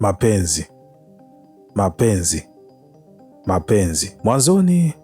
mapenzi, mapenzi, mapenzi. Mwanzoni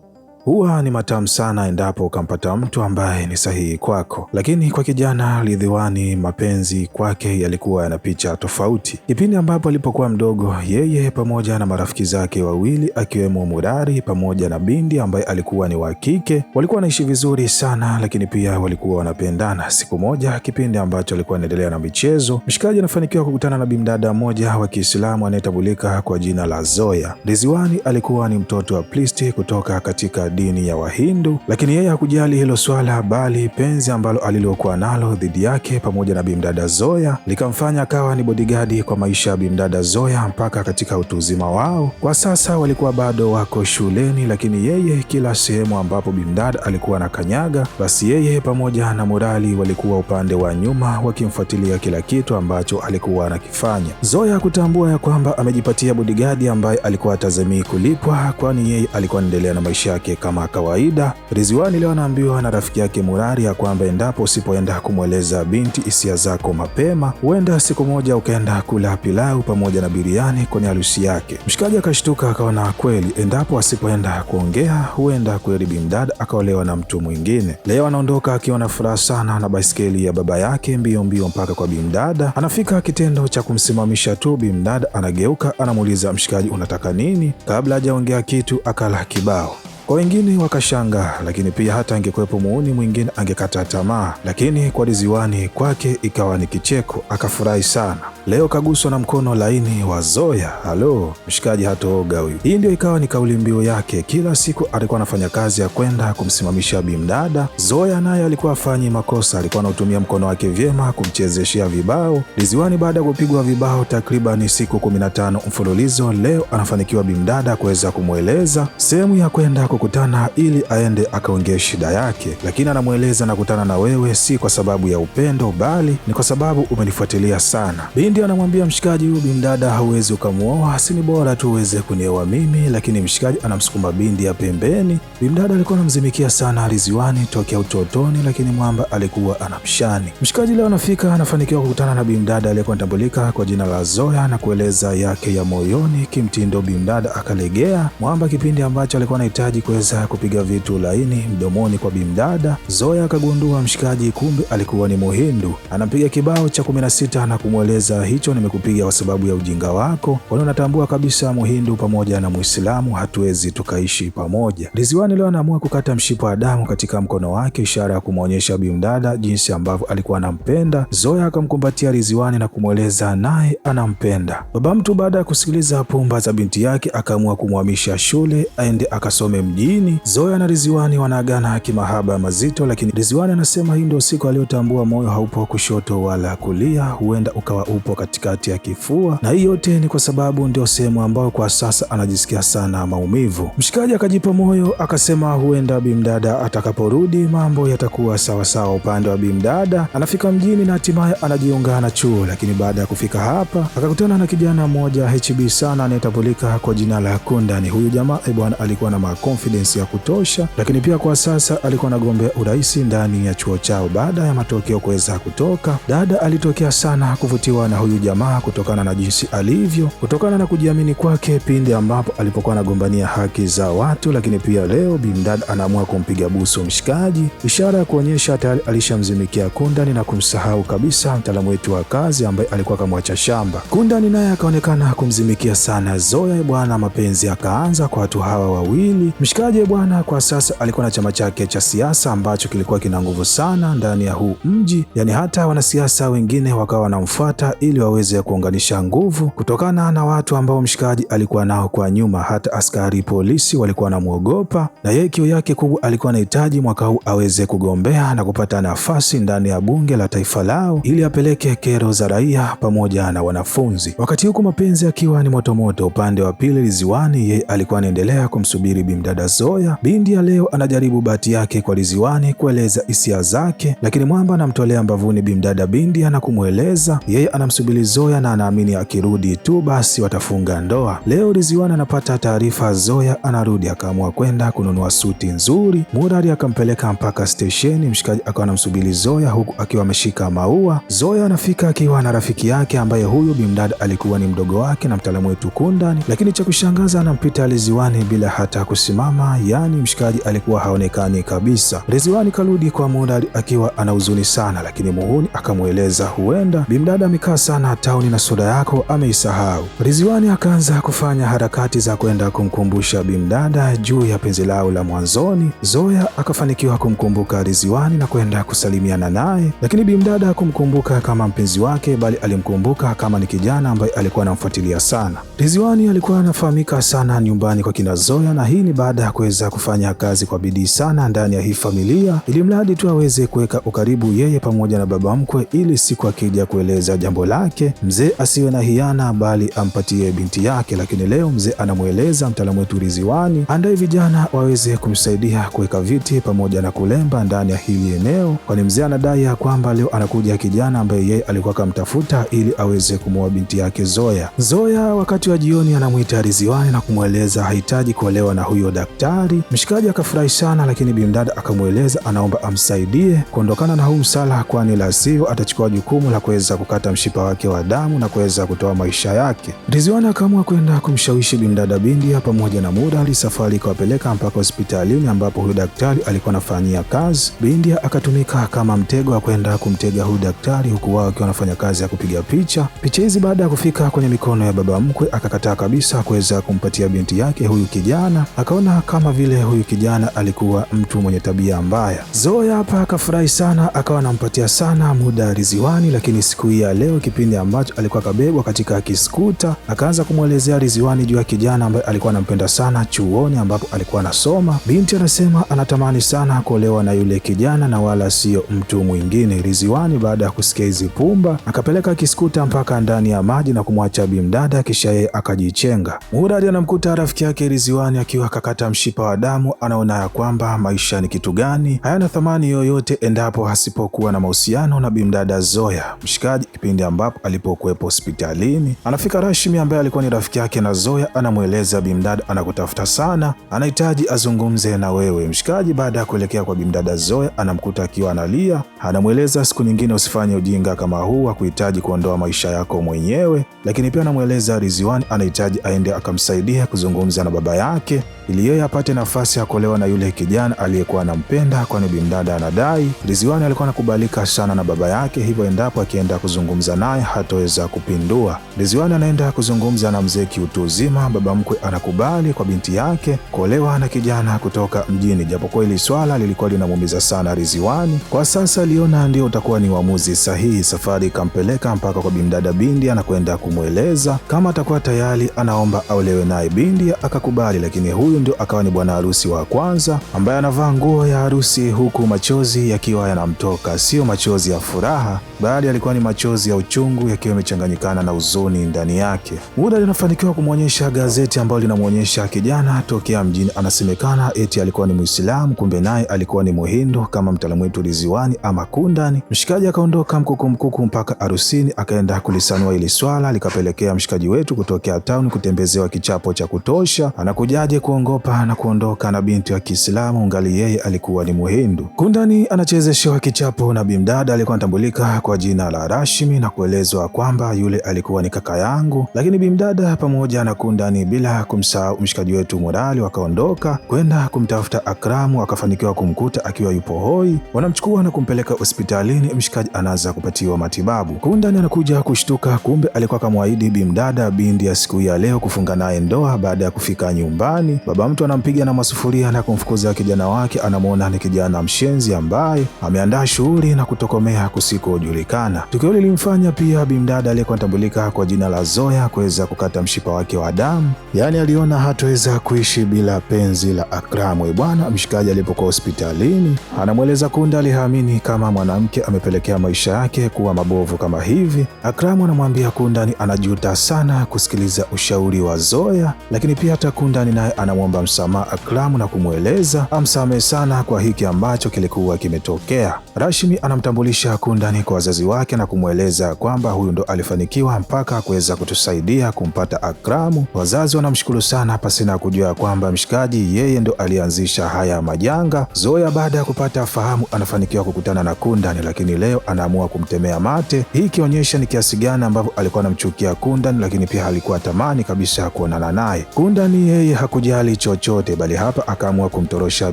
huwa ni matamu sana endapo ukampata mtu ambaye ni sahihi kwako. Lakini kwa kijana Ridhiwani, mapenzi kwake yalikuwa yana picha tofauti. Kipindi ambapo alipokuwa mdogo, yeye pamoja na marafiki zake wawili akiwemo Murari pamoja na Bindi ambaye alikuwa ni wa kike, walikuwa wanaishi vizuri sana, lakini pia walikuwa wanapendana. Siku moja, kipindi ambacho alikuwa anaendelea na michezo, mshikaji anafanikiwa kukutana na bimdada mmoja wa Kiislamu anayetambulika kwa jina la Zoya. Ridhiwani alikuwa ni mtoto wa Plisti kutoka katika dini ya Wahindu, lakini yeye hakujali hilo swala, bali penzi ambalo alilokuwa nalo dhidi yake pamoja na bimdada Zoya likamfanya akawa ni bodigadi kwa maisha ya bimdada Zoya mpaka katika utu uzima wao. Kwa sasa walikuwa bado wako shuleni, lakini yeye kila sehemu ambapo bimdada alikuwa na kanyaga, basi yeye pamoja na Murali walikuwa upande wa nyuma wakimfuatilia kila kitu ambacho alikuwa anakifanya. Zoya kutambua ya kwamba amejipatia bodigadi ambaye alikuwa atazamii kulipwa, kwani yeye alikuwa anaendelea na maisha yake kama kawaida, Rizwani leo anaambiwa na rafiki yake Murari ya kwamba endapo usipoenda kumweleza binti hisia zako mapema, huenda siku moja ukaenda kula pilau pamoja na biriani kwenye harusi yake. Mshikaji akashtuka akaona kweli, endapo asipoenda kuongea, huenda kweli bimdada akaolewa na mtu mwingine. Leo anaondoka akiwa na furaha sana na baiskeli ya baba yake mbio mbio mpaka kwa bimdada. Anafika kitendo cha kumsimamisha tu, bimdada anageuka anamuuliza mshikaji, unataka nini? Kabla hajaongea kitu akala kibao. Kwa wengine wakashanga, lakini pia hata angekuwepo muuni mwingine angekata tamaa, lakini kwa diziwani kwake ikawa ni kicheko, akafurahi sana. Leo kaguswa na mkono laini wa Zoya. Halo mshikaji, hatooga huyu. Hii ndio ikawa ni kauli mbiu yake. Kila siku alikuwa anafanya kazi ya kwenda kumsimamisha bimdada. Zoya naye alikuwa afanyi makosa, alikuwa anautumia mkono wake vyema kumchezeshea vibao diziwani. Baada ya kupigwa vibao takribani siku 15 mfululizo, leo anafanikiwa bimdada kuweza kumweleza sehemu ya kwenda kukutana ili aende akaongee shida yake, lakini anamweleza nakutana na wewe si kwa sababu ya upendo, bali ni kwa sababu umenifuatilia sana. Bindi anamwambia mshikaji, huyu bimdada hauwezi ukamwoa, si ni bora tu uweze kunioa mimi, lakini mshikaji anamsukuma bindi ya pembeni. Bimdada alikuwa anamzimikia sana aliziwani tokea utotoni, lakini mwamba alikuwa anamshani. Mshikaji leo anafika, anafanikiwa kukutana na bimdada aliyekuwa anatambulika kwa jina la Zoya na kueleza yake ya moyoni. Kimtindo bimdada akalegea. Mwamba kipindi ambacho alikuwa anahitaji kuweza kupiga vitu laini mdomoni kwa bimdada. Zoya akagundua mshikaji kumbe alikuwa ni Muhindu, anampiga kibao cha 16 na kumweleza hicho nimekupiga kwa sababu ya ujinga wako, kwani unatambua kabisa Muhindu pamoja na Muislamu hatuwezi tukaishi pamoja. riziwani leo anaamua kukata mshipa wa damu katika mkono wake, ishara ya kumwonyesha bimdada jinsi ambavyo alikuwa anampenda. Zoya akamkumbatia riziwani na kumweleza naye anampenda. Baba mtu baada ya kusikiliza pumba za binti yake akaamua kumhamisha shule aende akasome mjini. Zoya na riziwani wanaagana kimahaba mazito, lakini riziwani anasema hii ndio siku aliyotambua moyo haupo kushoto wala kulia, huenda ukawa upo katikati ya kifua, na hii yote ni kwa sababu ndio sehemu ambayo kwa sasa anajisikia sana maumivu. Mshikaji akajipa moyo akasema huenda bimdada atakaporudi mambo yatakuwa sawasawa. Upande wa bimdada anafika mjini na hatimaye anajiunga na chuo, lakini baada ya kufika hapa akakutana na kijana mmoja HB sana anayetambulika kwa jina la Kundani. Huyu jamaa eh, bwana alikuwa na makonf confidence ya kutosha, lakini pia kwa sasa alikuwa anagombea urais ndani ya chuo chao. Baada ya matokeo kuweza kutoka, dada alitokea sana kuvutiwa na huyu jamaa kutokana na jinsi alivyo, kutokana na kujiamini kwake pindi ambapo alipokuwa anagombania haki za watu. Lakini pia leo bimdada anaamua kumpiga busu mshikaji, ishara ya kuonyesha tayari alishamzimikia Kundani na kumsahau kabisa mtaalamu wetu wa kazi ambaye alikuwa akamwacha shamba. Kundani naye akaonekana kumzimikia sana Zoya bwana, mapenzi akaanza kwa watu hawa wawili. Mshikaji bwana kwa sasa alikuwa na chama chake cha siasa ambacho kilikuwa kina nguvu sana ndani ya huu mji, yaani hata wanasiasa wengine wakawa wanamfuata ili waweze kuunganisha nguvu, kutokana na watu ambao mshikaji alikuwa nao kwa nyuma. Hata askari polisi walikuwa wanamwogopa, na yeye kio yake kubwa alikuwa anahitaji mwaka huu aweze kugombea na kupata nafasi ndani ya bunge la taifa lao ili apeleke kero za raia pamoja na wanafunzi. Wakati huku mapenzi akiwa ni motomoto upande wa pili ziwani, yeye alikuwa anaendelea kumsubiri bimdada Zoya, Bindi ya leo anajaribu bahati yake kwa Liziwani kueleza hisia zake, lakini Mwamba anamtolea mbavuni bimdada bindia na kumweleza yeye anamsubiri Zoya na anaamini akirudi tu basi watafunga ndoa. Leo Liziwani anapata taarifa Zoya anarudi, akaamua kwenda kununua suti nzuri. Murari akampeleka mpaka stesheni, mshikaji akawa anamsubiri Zoya huku akiwa ameshika maua. Zoya anafika akiwa na rafiki yake ambaye huyu bimdada alikuwa ni mdogo wake na mtaalamu wetu Kundani, lakini cha kushangaza anampita Liziwani bila hata kusimama mama, yaani mshikaji alikuwa haonekani kabisa. Reziwani karudi kwa muda akiwa ana huzuni sana, lakini muhuni akamweleza huenda bimdada amekaa sana tauni na soda yako ameisahau. Reziwani akaanza kufanya harakati za kwenda kumkumbusha bimdada juu ya penzi lao la mwanzoni. Zoya akafanikiwa kumkumbuka reziwani na kwenda kusalimiana naye, lakini bimdada kumkumbuka kama mpenzi wake, bali alimkumbuka kama ni kijana ambaye alikuwa anamfuatilia sana. reziwani alikuwa anafahamika sana nyumbani kwa kina Zoya, na hii ni baada ya kuweza kufanya kazi kwa bidii sana ndani ya hii familia, ili mradi tu aweze kuweka ukaribu yeye pamoja na baba mkwe, ili siku akija kueleza jambo lake mzee asiwe na hiana, bali ampatie binti yake. Lakini leo mzee anamweleza mtaalamu wetu riziwani andaye vijana waweze kumsaidia kuweka viti pamoja na kulemba ndani ya hili eneo, kwani mzee anadai ya kwamba leo anakuja kijana ambaye yeye alikuwa akamtafuta ili aweze kumwoa binti yake Zoya. Zoya wakati wa jioni anamwita riziwani na kumweleza hahitaji kuolewa na huyo da daktari. Mshikaji akafurahi sana, lakini bimdada akamweleza anaomba amsaidie kuondokana na huu msala, kwani la sivyo atachukua jukumu la kuweza kukata mshipa wake wa damu na kuweza kutoa maisha yake. Riziwani akaamua kwenda kumshawishi bimdada Bindia pamoja na Murali, safari ikawapeleka mpaka hospitalini ambapo huyu daktari alikuwa anafanyia kazi. Bindia akatumika kama mtego wa kwenda kumtega huyu daktari, huku wao akiwa anafanya kazi ya kupiga picha. Picha hizi baada ya kufika kwenye mikono ya baba mkwe, akakataa kabisa kuweza kumpatia binti yake huyu kijana, akaona kuona kama vile huyu kijana alikuwa mtu mwenye tabia mbaya. Zoya hapa akafurahi sana, akawa anampatia sana muda Riziwani, lakini siku hii ya leo, kipindi ambacho alikuwa kabebwa katika kiskuta, akaanza kumwelezea Riziwani juu ya kijana ambaye alikuwa anampenda sana chuoni ambapo alikuwa anasoma. Binti anasema anatamani sana kuolewa na yule kijana na wala siyo mtu mwingine. Riziwani baada ya kusikia hizi pumba, akapeleka kiskuta mpaka ndani ya maji na kumwacha bimdada, kisha yeye akajichenga. Muda anamkuta rafiki yake Riziwani akiwa kakata hata mshipa wa damu anaona ya kwamba maisha ni kitu gani, hayana thamani yoyote endapo hasipokuwa na mahusiano na bimdada Zoya mshikaji, kipindi ambapo alipokuwepo hospitalini. Anafika Rashmi ambaye alikuwa ni rafiki yake na Zoya, anamweleza bimdada anakutafuta sana, anahitaji azungumze na wewe mshikaji. Baada ya kuelekea kwa bimdada Zoya anamkuta akiwa analia, anamweleza siku nyingine usifanye ujinga kama huu, kuhitaji kuondoa maisha yako mwenyewe, lakini pia anamweleza Rizwan anahitaji aende akamsaidia kuzungumza na baba yake ili yeye apate nafasi ya kuolewa na yule kijana aliyekuwa anampenda, kwani bimdada anadai riziwani alikuwa anakubalika sana na baba yake, hivyo endapo akienda kuzungumza naye hataweza kupindua. riziwani anaenda kuzungumza na mzee kiutu uzima, baba mkwe anakubali kwa binti yake kuolewa na kijana kutoka mjini, japokuwa hili swala lilikuwa linamuumiza sana riziwani Kwa sasa aliona ndio utakuwa ni uamuzi sahihi. Safari ikampeleka mpaka kwa bimdada Bindia na kwenda kumweleza kama atakuwa tayari anaomba aolewe naye. Bindia akakubali, lakini huyu Huyu ndio akawa ni bwana harusi wa kwanza ambaye anavaa nguo ya harusi huku machozi yakiwa yanamtoka, sio machozi ya furaha bali alikuwa ni machozi ya uchungu yakiwa yamechanganyikana na huzuni ndani yake. Woodard anafanikiwa kumwonyesha gazeti ambayo linamwonyesha kijana tokea mjini, anasemekana eti alikuwa ni Muislamu, kumbe naye alikuwa ni Muhindu kama mtaalamu wetu Liziwani ama Kundani. Mshikaji akaondoka mkuku mkuku mpaka arusini, akaenda kulisanua ili swala, likapelekea mshikaji wetu kutokea town kutembezewa kichapo cha kutosha, anakujaje kuongopa na kuondoka na binti wa Kiislamu ngali yeye alikuwa ni Muhindu. Kundani anachezeshewa kichapo na bimdada alikuwa anatambulika kwa kwa jina la Rashmi na kuelezwa kwamba yule alikuwa ni kaka yangu, lakini bimdada pamoja na kundani, bila kumsahau mshikaji wetu Morali, wakaondoka kwenda kumtafuta Akramu, akafanikiwa kumkuta akiwa yupo hoi. Wanamchukua na kumpeleka hospitalini, mshikaji anaanza kupatiwa matibabu. Kundani anakuja kushtuka, kumbe alikuwa akamwahidi bimdada bindi ya siku ya leo kufunga naye ndoa. Baada ya kufika nyumbani, baba mtu anampiga na masufuria na kumfukuza kijana wake, anamwona ni kijana mshenzi ambaye ameandaa shughuli na kutokomea kusiku kujulikana. Tukio lilimfanya pia bimdada aliyekuwa anatambulika kwa jina la Zoya kuweza kukata mshipa wake wa damu, yaani aliona hataweza kuishi bila penzi la Akramu. Bwana mshikaji alipokuwa hospitalini, anamweleza Kunda alihamini kama mwanamke amepelekea maisha yake kuwa mabovu kama hivi. Akramu anamwambia Kunda ni anajuta sana kusikiliza ushauri wa Zoya, lakini pia hata Kunda naye anamwomba msamaha Akramu na kumweleza amsamehe sana kwa hiki ambacho kilikuwa kimetokea. Rashmi anamtambulisha Kundani kwa wazazi wake na kumweleza kwamba huyu ndo alifanikiwa mpaka kuweza kutusaidia kumpata Akramu. Wazazi wanamshukuru sana, pasina kujua kwamba mshikaji yeye ndo alianzisha haya majanga. Zoya baada ya kupata fahamu anafanikiwa kukutana na kundani lakini leo anaamua kumtemea mate, hii ikionyesha ni kiasi gani ambavyo alikuwa anamchukia kundani lakini pia alikuwa tamani kabisa kuonana naye. kundani yeye hakujali chochote, bali hapa akaamua kumtorosha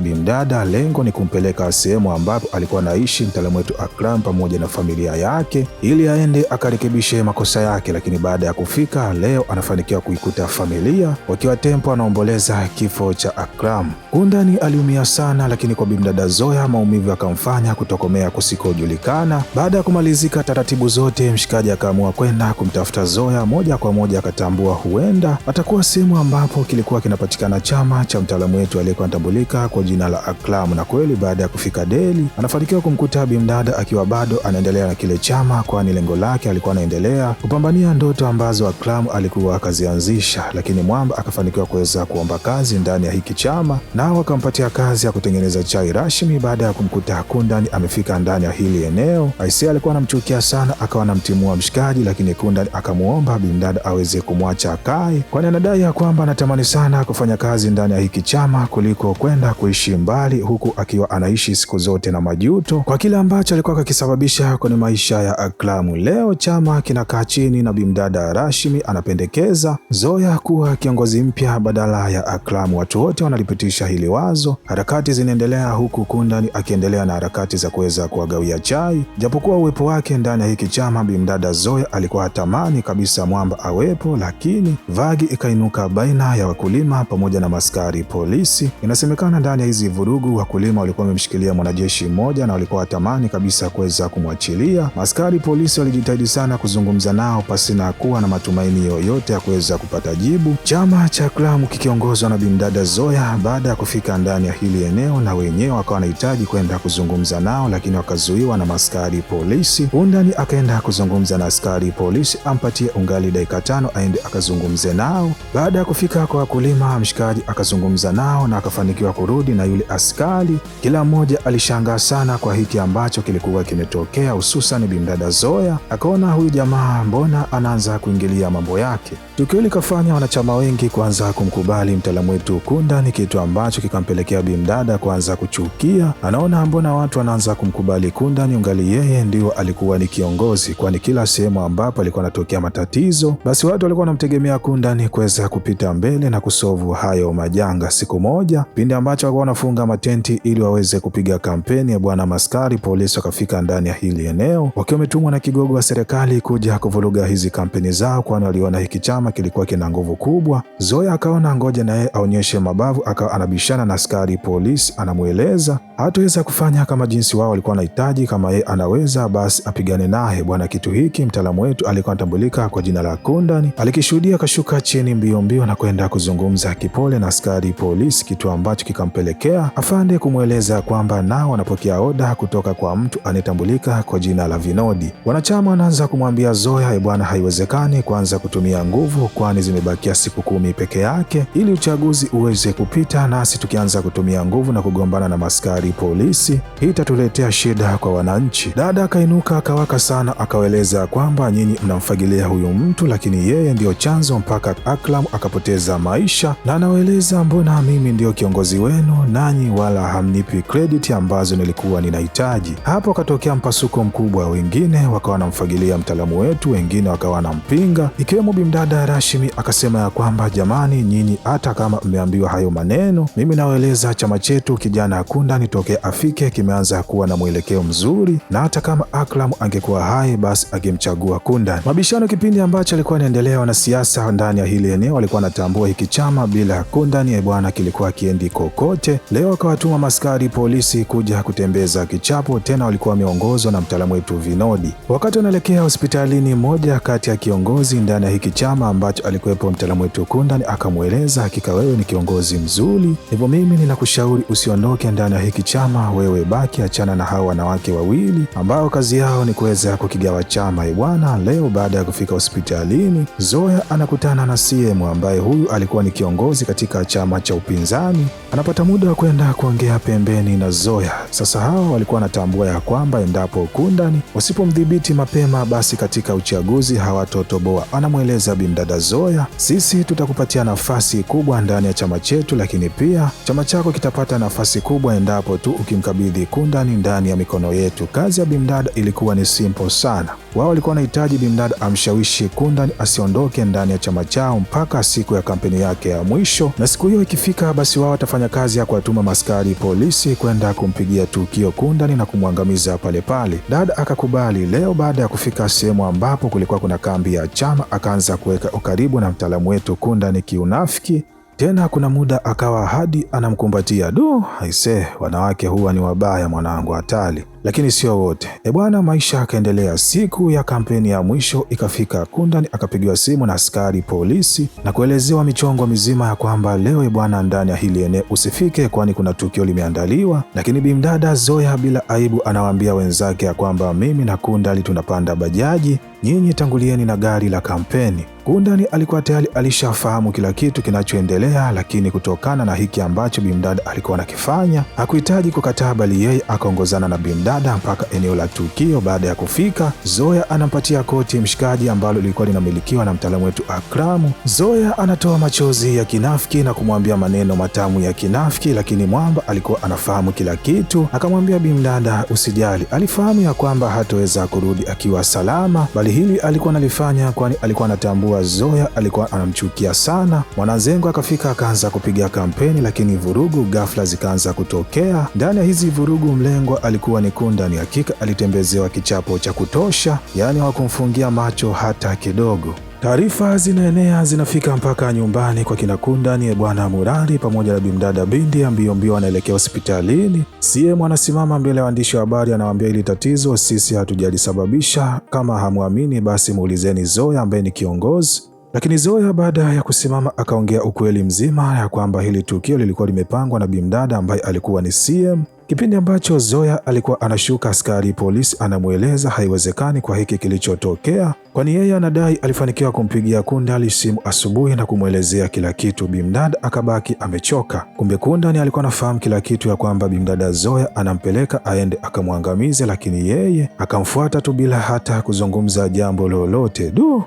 bimdada, lengo ni kumpeleka sehemu ambapo alikuwa anaishi mtaalamu wetu Akram pamoja na familia familia yake ili aende akarekebishe makosa yake, lakini baada ya kufika leo anafanikiwa kuikuta familia wakiwa tempo anaomboleza kifo cha Akram. Kundani aliumia sana, lakini kwa bimdada Zoya maumivu yakamfanya kutokomea kusikojulikana. Baada ya kumalizika taratibu zote, mshikaji akaamua kwenda kumtafuta Zoya moja kwa moja, akatambua huenda atakuwa sehemu ambapo kilikuwa kinapatikana chama cha mtaalamu wetu aliyekuwa anatambulika kwa jina la Akram, na kweli baada ya kufika Delhi anafanikiwa kumkuta bimdada akiwa bado anaendelea ya kile chama, kwani lengo lake alikuwa anaendelea kupambania ndoto ambazo Aklam alikuwa akazianzisha, lakini Mwamba akafanikiwa kuweza kuomba kazi ndani ya hiki chama, nao akampatia kazi ya kutengeneza chai rasmi baada ya kumkuta kundani amefika ndani ya hili eneo. Aisee alikuwa anamchukia sana, akawa anamtimua mshikaji, lakini kundani akamwomba Bindad aweze kumwacha akae, kwani anadai ya kwamba anatamani sana kufanya kazi ndani ya hiki chama kuliko kwenda kuishi mbali, huku akiwa anaishi siku zote na majuto kwa kile ambacho alikuwa akakisababisha kwenye maisha ya Aklamu. Leo chama kinakaa chini na Bimdada Rashmi anapendekeza Zoya kuwa kiongozi mpya badala ya Aklamu. Watu wote wanalipitisha hili wazo. Harakati zinaendelea huku Kundani akiendelea na harakati za kuweza kuwagawia chai, japokuwa uwepo wake ndani ya hiki chama Bimdada Zoya alikuwa hatamani kabisa mwamba awepo, lakini vagi ikainuka baina ya wakulima pamoja na maskari polisi. Inasemekana ndani ya hizi vurugu wakulima walikuwa wamemshikilia mwanajeshi mmoja na walikuwa hatamani kabisa kuweza kumwachilia pia askari polisi walijitahidi sana kuzungumza nao pasina kuwa na matumaini yoyote ya kuweza kupata jibu. Chama cha Klamu kikiongozwa na bimdada Zoya, baada ya kufika ndani ya hili eneo, na wenyewe wakawa wanahitaji kwenda kuzungumza nao, lakini wakazuiwa na maskari polisi. Undani akaenda kuzungumza na askari polisi ampatie ungali dakika tano aende akazungumze nao. Baada ya kufika kwa wakulima, mshikaji akazungumza nao na akafanikiwa kurudi na yule askari. Kila mmoja alishangaa sana kwa hiki ambacho kilikuwa kimetokea hususan hususan bimdada Zoya akaona huyu jamaa mbona anaanza kuingilia mambo yake. Tukio likafanya wanachama wengi kuanza kumkubali mtaalamu wetu Kunda, ni kitu ambacho kikampelekea bimdada kuanza kuchukia, anaona mbona watu wanaanza kumkubali Kunda ni ungali yeye ndio alikuwa ni kiongozi, kwani kila sehemu ambapo alikuwa anatokea matatizo basi watu walikuwa wanamtegemea Kunda ni kuweza kupita mbele na kusovu hayo majanga. Siku moja pindi ambacho walikuwa wanafunga matenti ili waweze kupiga kampeni ya bwana Maskari, polisi wakafika ndani ya hili eneo eneo wakiwa wametumwa na kigogo wa serikali kuja kuvuruga hizi kampeni zao, kwani waliona hiki chama kilikuwa kina nguvu kubwa. Zoya akaona ngoja na yeye aonyeshe mabavu, akawa anabishana na askari polisi, anamweleza hatuweza kufanya kama jinsi wao walikuwa wanahitaji, kama yeye anaweza basi apigane naye. Bwana kitu hiki mtaalamu wetu alikuwa anatambulika kwa jina la Kundani alikishuhudia, akashuka chini mbio mbio na kwenda kuzungumza kipole na askari polisi, kitu ambacho kikampelekea afande kumweleza kwamba nao wanapokea oda kutoka kwa mtu anayetambulika kwa jina jina la Vinodi. Wanachama wanaanza kumwambia Zoya, ebwana, eh, haiwezekani kuanza kutumia nguvu, kwani zimebakia siku kumi peke yake ili uchaguzi uweze kupita, nasi tukianza kutumia nguvu na kugombana na maskari polisi, hii itatuletea shida kwa wananchi. Dada akainuka akawaka sana, akaweleza kwamba nyinyi mnamfagilia huyu mtu, lakini yeye ndiyo chanzo mpaka aklam akapoteza maisha, na anaweleza mbona mimi ndiyo kiongozi wenu, nanyi wala hamnipi krediti ambazo nilikuwa ninahitaji. Hapo akatokea mpasuko mkuu makubwa, wengine wakawa wanamfagilia mtaalamu wetu, wengine wakawa wanampinga, ikiwemo bimdada Rashmi akasema ya kwamba jamani, nyinyi hata kama mmeambiwa hayo maneno, mimi nawaeleza chama chetu kijana Akunda tokea afike kimeanza kuwa na mwelekeo mzuri, na hata kama aklam angekuwa hai, basi angemchagua Kunda. Mabishano kipindi ambacho alikuwa anaendelea, wanasiasa ndani ya hili eneo walikuwa wanatambua hiki chama bila ni bwana kilikuwa kiendi kokote. Leo akawatuma maskari polisi kuja kutembeza kichapo, tena walikuwa wameongozwa na mtaalamu mwitu Vinodi. Wakati wanaelekea hospitalini, mmoja kati ya kiongozi ndani ya hiki chama ambacho alikuwepo mtaalamu wetu Kundan akamweleza, hakika wewe ni kiongozi mzuri, hivyo mimi ninakushauri usiondoke ndani ya hiki chama, wewe baki, achana na hawa wanawake wawili ambao kazi yao ni kuweza kukigawa chama. ibwana leo baada ya kufika hospitalini, Zoya anakutana na CM ambaye huyu alikuwa ni kiongozi katika chama cha upinzani. Anapata muda wa kwenda kuongea pembeni na Zoya. Sasa hao walikuwa wanatambua ya kwamba endapo Kunda ndani. wasipomdhibiti mapema, basi katika uchaguzi hawatotoboa. Anamweleza Bimdada Zoya, sisi tutakupatia nafasi kubwa ndani ya chama chetu, lakini pia chama chako kitapata nafasi kubwa endapo tu ukimkabidhi Kundani ndani ya mikono yetu. Kazi ya Bimdada ilikuwa ni simple sana. Wao walikuwa wanahitaji Bimdad amshawishi Kundan asiondoke ndani ya chama chao mpaka siku ya kampeni yake ya mwisho, na siku hiyo ikifika, basi wao watafanya kazi ya kuwatuma maskari polisi kwenda kumpigia tukio Kundan na kumwangamiza palepale. Dad akakubali. Leo baada ya kufika sehemu ambapo kulikuwa kuna kambi ya chama, akaanza kuweka ukaribu na mtaalamu wetu Kundan kiunafiki tena kuna muda akawa hadi anamkumbatia. Du aise, wanawake huwa ni wabaya mwanangu, hatari lakini sio wote. E bwana, maisha yakaendelea. Siku ya kampeni ya mwisho ikafika, Kundan akapigiwa simu na askari polisi na kuelezewa michongo mizima ya kwamba leo, e bwana, ndani ya hili eneo usifike, kwani kuna tukio limeandaliwa. Lakini bimdada Zoya bila aibu anawaambia wenzake ya kwamba mimi na Kundali tunapanda bajaji, nyinyi tangulieni na gari la kampeni. kundani alikuwa tayari alishafahamu kila kitu kinachoendelea, lakini kutokana na hiki ambacho bimdada alikuwa anakifanya hakuhitaji kukataa, bali yeye akaongozana na bimdada dada mpaka eneo la tukio. Baada ya kufika, Zoya anampatia koti mshikaji ambalo lilikuwa linamilikiwa na mtaalamu wetu Akramu. Zoya anatoa machozi ya kinafiki na kumwambia maneno matamu ya kinafiki, lakini Mwamba alikuwa anafahamu kila kitu. Akamwambia bimdada, usijali. Alifahamu ya kwamba hatoweza kurudi akiwa salama, bali hili alikuwa analifanya kwani alikuwa anatambua Zoya alikuwa anamchukia sana. Mwanazengo akafika akaanza kupiga kampeni, lakini vurugu ghafla zikaanza kutokea. Ndani ya hizi vurugu, mlengwa alikuwa ni ya kika alitembezewa kichapo cha kutosha, yaani hawakumfungia macho hata kidogo. Taarifa zinaenea zinafika mpaka nyumbani kwa kina Kundani. Bwana Murari pamoja na bimdada Bindi ambio mbio anaelekea hospitalini. CM anasimama mbele ya waandishi wa habari, anawaambia hili tatizo sisi hatujalisababisha, kama hamwamini basi muulizeni Zoya ambaye ni kiongozi lakini Zoya baada ya kusimama akaongea ukweli mzima ya kwamba hili tukio lilikuwa limepangwa na bimdada ambaye alikuwa ni CM. Kipindi ambacho Zoya alikuwa anashuka, askari polisi anamweleza haiwezekani kwa hiki kilichotokea, kwani yeye anadai alifanikiwa kumpigia Kundali simu asubuhi na kumwelezea kila kitu. Bimdada akabaki amechoka. Kumbe Kundali alikuwa anafahamu kila kitu, ya kwamba bimdada Zoya anampeleka aende akamwangamize, lakini yeye akamfuata tu bila hata kuzungumza jambo lolote. Du!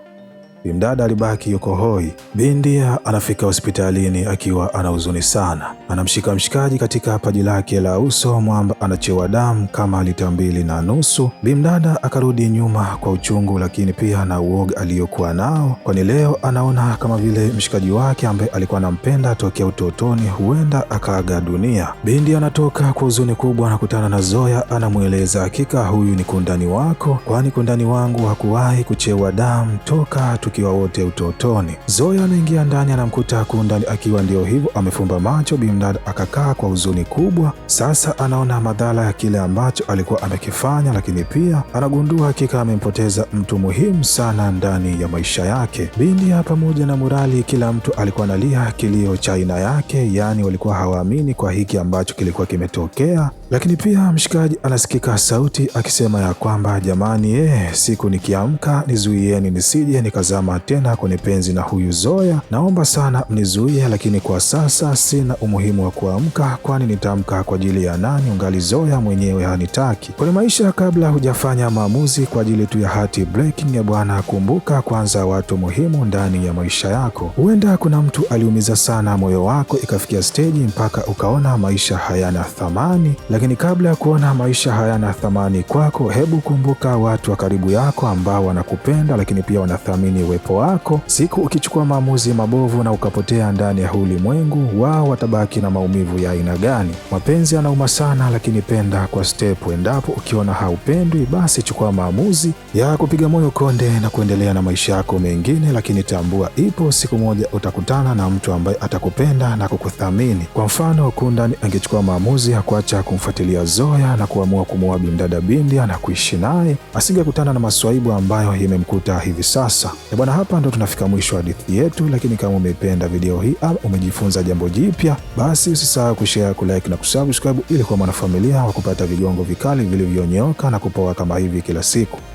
Bimdada alibaki yuko hoi. Bindia anafika hospitalini akiwa ana huzuni sana, anamshika mshikaji katika paji lake la uso. Mwamba anachewa damu kama lita mbili na nusu. Bimdada akarudi nyuma kwa uchungu, lakini pia na uoga aliyokuwa nao, kwani leo anaona kama vile mshikaji wake ambaye alikuwa anampenda tokea utotoni huenda akaaga dunia. Bindia anatoka kwa huzuni kubwa, anakutana na Zoya, anamweleza hakika, huyu ni kundani wako, kwani kundani wangu hakuwahi kuchewa damu toka wakiwa wote utotoni. Zoya anaingia ndani, anamkuta kunda akiwa ndio hivyo amefumba macho. Bimdad akakaa kwa huzuni kubwa. Sasa anaona madhara ya kile ambacho alikuwa amekifanya, lakini pia anagundua hakika amempoteza mtu muhimu sana ndani ya maisha yake. Bindia pamoja na Murali, kila mtu alikuwa analia kilio cha aina yake, yaani walikuwa hawaamini kwa hiki ambacho kilikuwa kimetokea. Lakini pia mshikaji anasikika sauti akisema ya kwamba jamani, eh, siku nikiamka nizuieni nisije nikazama tena kwenye penzi na huyu Zoya, naomba sana mnizuie, lakini kwa sasa sina umuhimu wa kuamka, kwani nitaamka kwa ajili ya nani ungali Zoya mwenyewe hanitaki kwenye maisha. Kabla hujafanya maamuzi kwa ajili tu ya hati breaking ya bwana, kumbuka kwanza watu muhimu ndani ya maisha yako. Huenda kuna mtu aliumiza sana moyo wako ikafikia steji mpaka ukaona maisha hayana thamani, lakini lakini kabla ya kuona maisha hayana thamani kwako, hebu kumbuka watu wa karibu yako ambao wanakupenda, lakini pia wanathamini uwepo wako. Siku ukichukua maamuzi mabovu na ukapotea ndani ya ulimwengu, wao watabaki na maumivu ya aina gani? Mapenzi yanauma sana, lakini penda kwa step. Endapo ukiona haupendwi, basi chukua maamuzi ya kupiga moyo konde na kuendelea na maisha yako mengine, lakini tambua, ipo siku moja utakutana na mtu ambaye atakupenda na kukuthamini. Kwa mfano, Kundani angechukua maamuzi ya kuacha kumf kumfuatilia Zoya na kuamua kumuua bimdada Bindia na kuishi naye, asingekutana na maswaibu ambayo yamemkuta hivi sasa. E bwana, hapa ndo tunafika mwisho hadithi yetu, lakini kama umeipenda video hii au umejifunza jambo jipya, basi usisahau kushare, kulike na kusubscribe ili kuwa mwanafamilia wa kupata vigongo vikali vilivyonyoka na kupoa kama hivi kila siku.